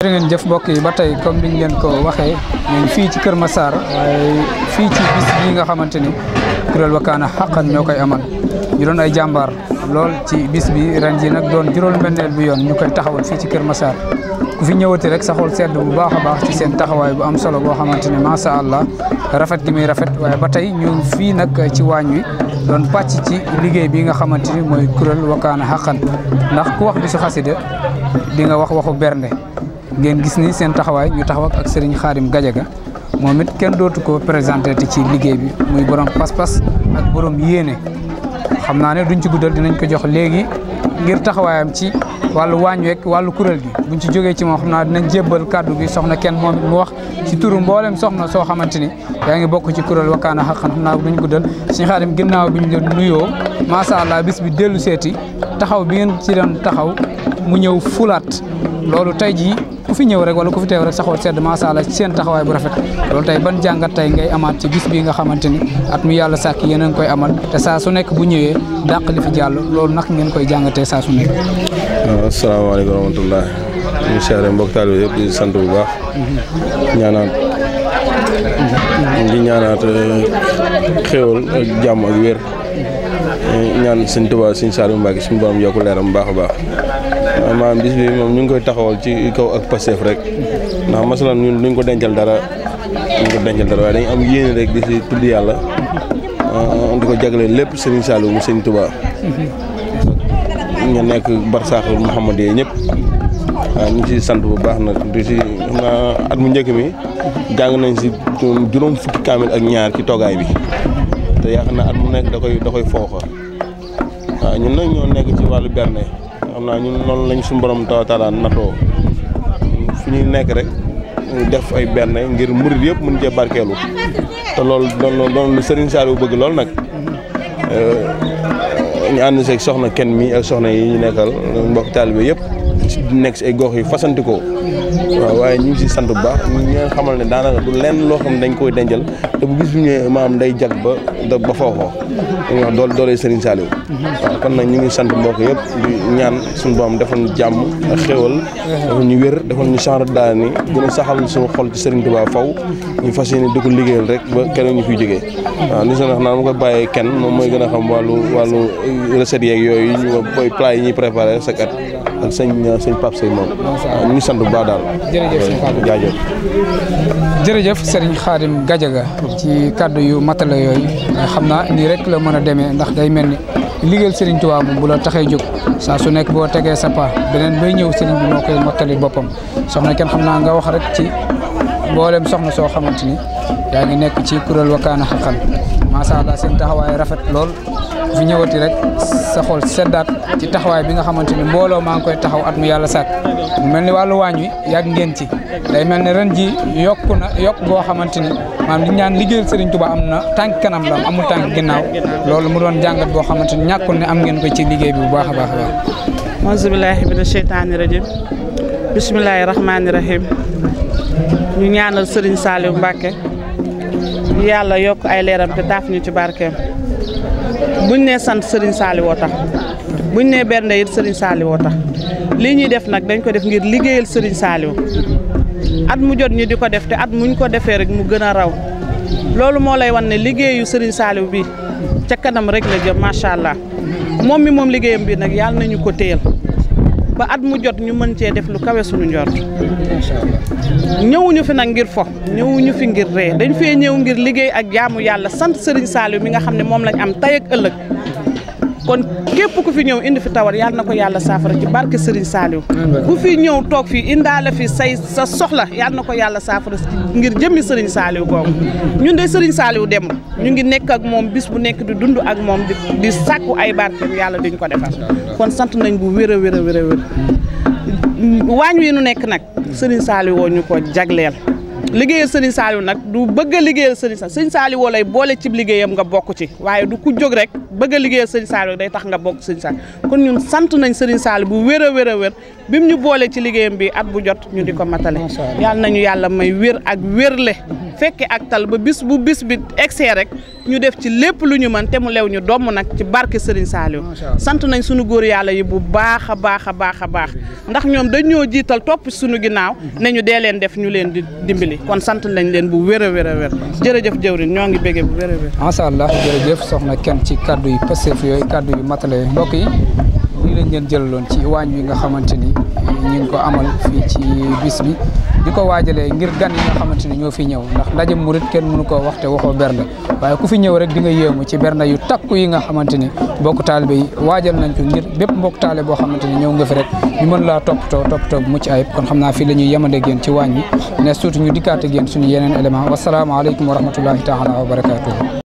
jërë ngeen jëf mbokk yi ba tey comme niñ leen ko waxee ñun fii ci Kër Massar waaye fii ci bis yi nga xamante ni kuréel Wakana Haqqan ñoo koy amal ñu doon ay jàmbaar lool ci bis bi ren ji nag doon juróom-benneel bi yoon ñu koy taxawal fii ci Kër Massar ku fi ñëwati rek saxul sedd bu baax a baax ci seen taxawaay bu am solo boo xamante ni macha allah rafet gi muy rafet waaye ba tey ñu fii nag ci waañ wi doon pàcc ci liggéey bi nga xamante ni mooy kuréel Wakana Haqqan ndax ku wax bisu xasida di nga wax waxu bernde ngeen gis ni seen taxawaay ñu taxaw ak Serigne Khadim Gadiaga moom it kenn dootu ko présenté te ci liggéey bi muy borom pas-pas ak borom yéene xam naa ne duñ ci guddal dinañ ko jox léegi ngir taxawaayam ci wàllu waañ week wàllu kuréel gi buñ ci jógee ci moom xam naa dina jébbal kàddu gi soxna kenn moom it wax ci turu mboolem soxna soo xamante ni yaa ngi bokk ci kuréel wakkaana xaqan xam naa duñ guddal Serigne Khadim ginnaaw bi ñu leen nuyoo macha allah bis bi dellu seeti taxaw bi ngeen ci doon taxaw mu ñëw fulaat loolu tey jii ku fi ñëw rek wala ku fi teew rek sa xool sedd macha allah ci seen taxawaay bu rafet loolu tey ban jàngat tey ngay amaat ci bis bi nga xamante ni at mu yàlla sàkk yéen a koy amal te saa su nekk bu ñëwee dàq li fi jàll loolu nag ngeen koy jàngatee saa su nekk. Ah, asalaamaaleykum wa rahmatulah. incha allah mbokk taal bi sant bu baax. ñaanaat di ñaanaat eh, xéwal jàmm ak wér. ñaan sëñ Tuubaa sëñ Saliou Mbacke suñu borom yokku leeram baax a baax maanaam bi moom ñu ngi koy taxawal ci kaw ak Pastef rek ndax masalan ñun duñ ko dencal dara duñ ko dencal dara waaye dañu am yéene rek di si tudd yàlla ah, di ko jagleel lépp sëriñ mu sëñ Tuubaa ñu nekk barsaax Muhammad yi ñëpp waaw ñu ngi si sant bu baax na di at mu njëkk mi jàng nañ si juróom fukki kaamil ak ñaar ci toogaay bi te yaakaar naa at mu nekk da koy da koy foofa waaw ñun ñoo nekk ci wàllu berne xam naa ñun noonu lañ suñu borom taw natoo fu ñuy nekk rek ñu def ay berne ngir murit yëpp mën cee barkeelu te lool doon doon lu Serigne Saliou bëgg lool nag mm-hmm. ñu ànd seeg soxna kenn mi ak soxna yi ñu nekkal mbokk taalibe yëpp. di nekk si ay gox yu fasantikoo waaw waaye ñu ngi si sant bu baax ñu ngi xamal ne daanaka du lenn loo xam ne dañ koy dencal te bu gis bu ñëwee maam day jag ba da ba foofoo dañuy wax dool doolee Serigne kon nag ñu ngi sant mbokk yëpp ñaan suñu boom defal ñu jàmm ak xéwal defal ñu wér defal ñu genre daal ni gën a saxal suñu xol ci Serigne Touba faw ñu fas yéene di ko liggéeyal rek ba kenn ñu fiy jógee waaw li sax naan ma ko bàyyee kenn moom mooy gën a xam wàllu wàllu recettes yeeg yooyu ñu koy plat yi ñuy préparé chaque at ak sëñ sëñ Pape Seye moom. ñu ngi sant bu baax daal. jërëjëf sëñ Pape jaajëf. jërëjëf Serigne Khadim Gadiaga ci kàddu yu matala yooyu xam naa nii rek la mën a demee ndax day mel ni liggéeyal sëriñ Touba moom bu taxee jóg saa su nekk boo tegee sa pa beneen bay ñëw Serigne bi moo koy mottali boppam soxna kenn xam naa nga wax rek ci mboolem soxna soo xamante ni yaa ngi nekk ci kuréel Wakana Haqqan macha allah seen taxawaay rafet lool. ñu ñëwati rek sa xol seddaat ci taxawaay bi nga xamante ni mbooloo maa ngi koy taxaw at mu yàlla sàkk mu mel ni wàllu waañ wi yàgg ngeen ci day mel ni ren ji yokk na yokk boo xamante ni maanaam li ñaan liggéeyal sëriñ Touba am na tànk kanam la amul tànk ginnaaw loolu mu doon jàngat boo xamante ni ñàkkul ne am ngeen ko ci liggéey bi bu baax a baax a baax masibilahi mina cheytaani rajim bisimilahi rahmaani rahim ñu ñaanal Serigne Saliou Mbacke yokk ay leeram te ñu ci barkeem buñ nee sant Serigne Saliou tax buñ nee bernde it Serigne Saliou tax lii ñuy def nag dañ ko def ngir liggéeyal Serigne Saliou at mu jot ñi di ko def te at muñ ko defee rek mu gën a raw loolu moo lay wan ne liggéeyu Serigne saaliw bi ca kanam rek la jot macha allah moom mi moom liggéeyam bi nag yàlla nañu ko téyal. ba at mu jot ñu mën cee def lu kawe suñu njort ñëwuñu fi nag ngir fo ñëwuñu fi ngir ree dañu fee ñëw ngir liggéey ak jaamu yàlla sant Serigne Saliou mi nga xam ne moom lañ am tay ak ëllëg kon képp ku fi ñëw indi fi tawar yàlla na ko yàlla saafara ji barke sëriñ Saliou ku fi ñëw toog fii indaale fi say sa soxla yàlla na ko yàlla saafara ngir jëmmi Serigne Saliou googu ñun de Serigne Saliou demul ñu ngi nekk ak moom bis bu nekk di dund ak moom di di sàkku ay barkeem yàlla diñ ko defal kon sant nañ bu wér a wér a waañ wi nu nekk nag Serigne Saliou woo ñu ko jagleel liggéeyal sëriñ Saliou nag du bëgg a liggéeyal sëriñ Saliou sëriñ Saliou woo lay boole cib liggéeyam nga bokk ci waaye du ku jóg rek bëgg a liggéeyal sëriñ Saliou day tax nga bokk sëriñ Saliou kon ñun sant nañ sëriñ Saliou bu wér a wér a wér bim ñu boole ci liggéeyam bi at bu jot ñu di ko matale yàlla nañu yàlla may wér ak wérle fekke ak tal ba bis bu bis bi egsee rek ñu def ci lépp lu ñu mën te mu lew ñu doom nag ci barke sëriñ Saliou sant nañ sunu góor yàlla yi bu baax a baax a baax a baax ndax ñoom da jiital topp sunu ginnaaw mhm. kon sant nañ leen bu wér a wér a wér jërëjëf jëwrin ñoo ngi béggee bu wér a wér masha allah jërëjëf soxna kenn ci kaddu yi Pastef yooyu kaddu yu matale mbokk yi lañ leen loon ci waañ wi nga xamante ni ñu ko amal fii ci bis bi di ko waajalee ngir gan yi nga xamante ni ñoo fi ñëw ndax ndaje murit kenn munu koo waxte waxoo bernde waaye ku fi ñëw rek di nga yéemu ci bernde yu takku yi nga xamante ni mbokk taalibe yi waajal nañ ko ngir bépp mbokk taalibe boo xamante ni ñëw nga fi rek ñu mën laa toppatoo toppatoo mucc ayib kon xam naa fii la ñuy yemande géen ci waañ wi ne surtout ñu dikkaate géen suñu yeneen élément wasalaamaaleykum wa rahmatullahi taala wa barakatuhu